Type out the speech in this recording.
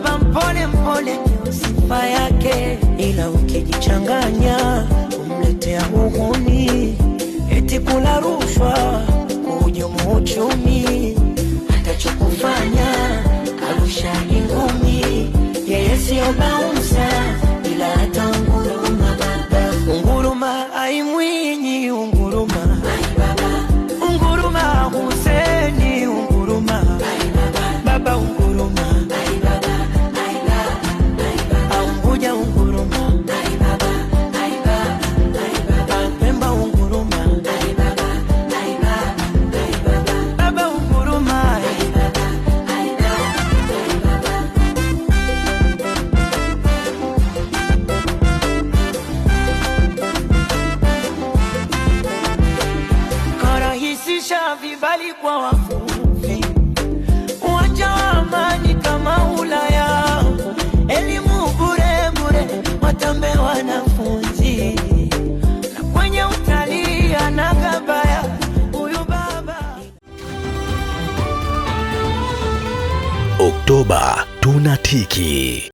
baba mpole mpole sifa yake, ila ukijichanganya umletea uhuni, eti kula rushwa, kuhujumu uchumi, atachokufanya arushani ngumi, yeye sio baumi kuhamasisha vibali kwa wavuvi, uwanja wa amani kama Ulaya, elimu bure bure watambe wanafunzi, na kwenye utalii anagabaya huyu baba. Oktoba tunatiki.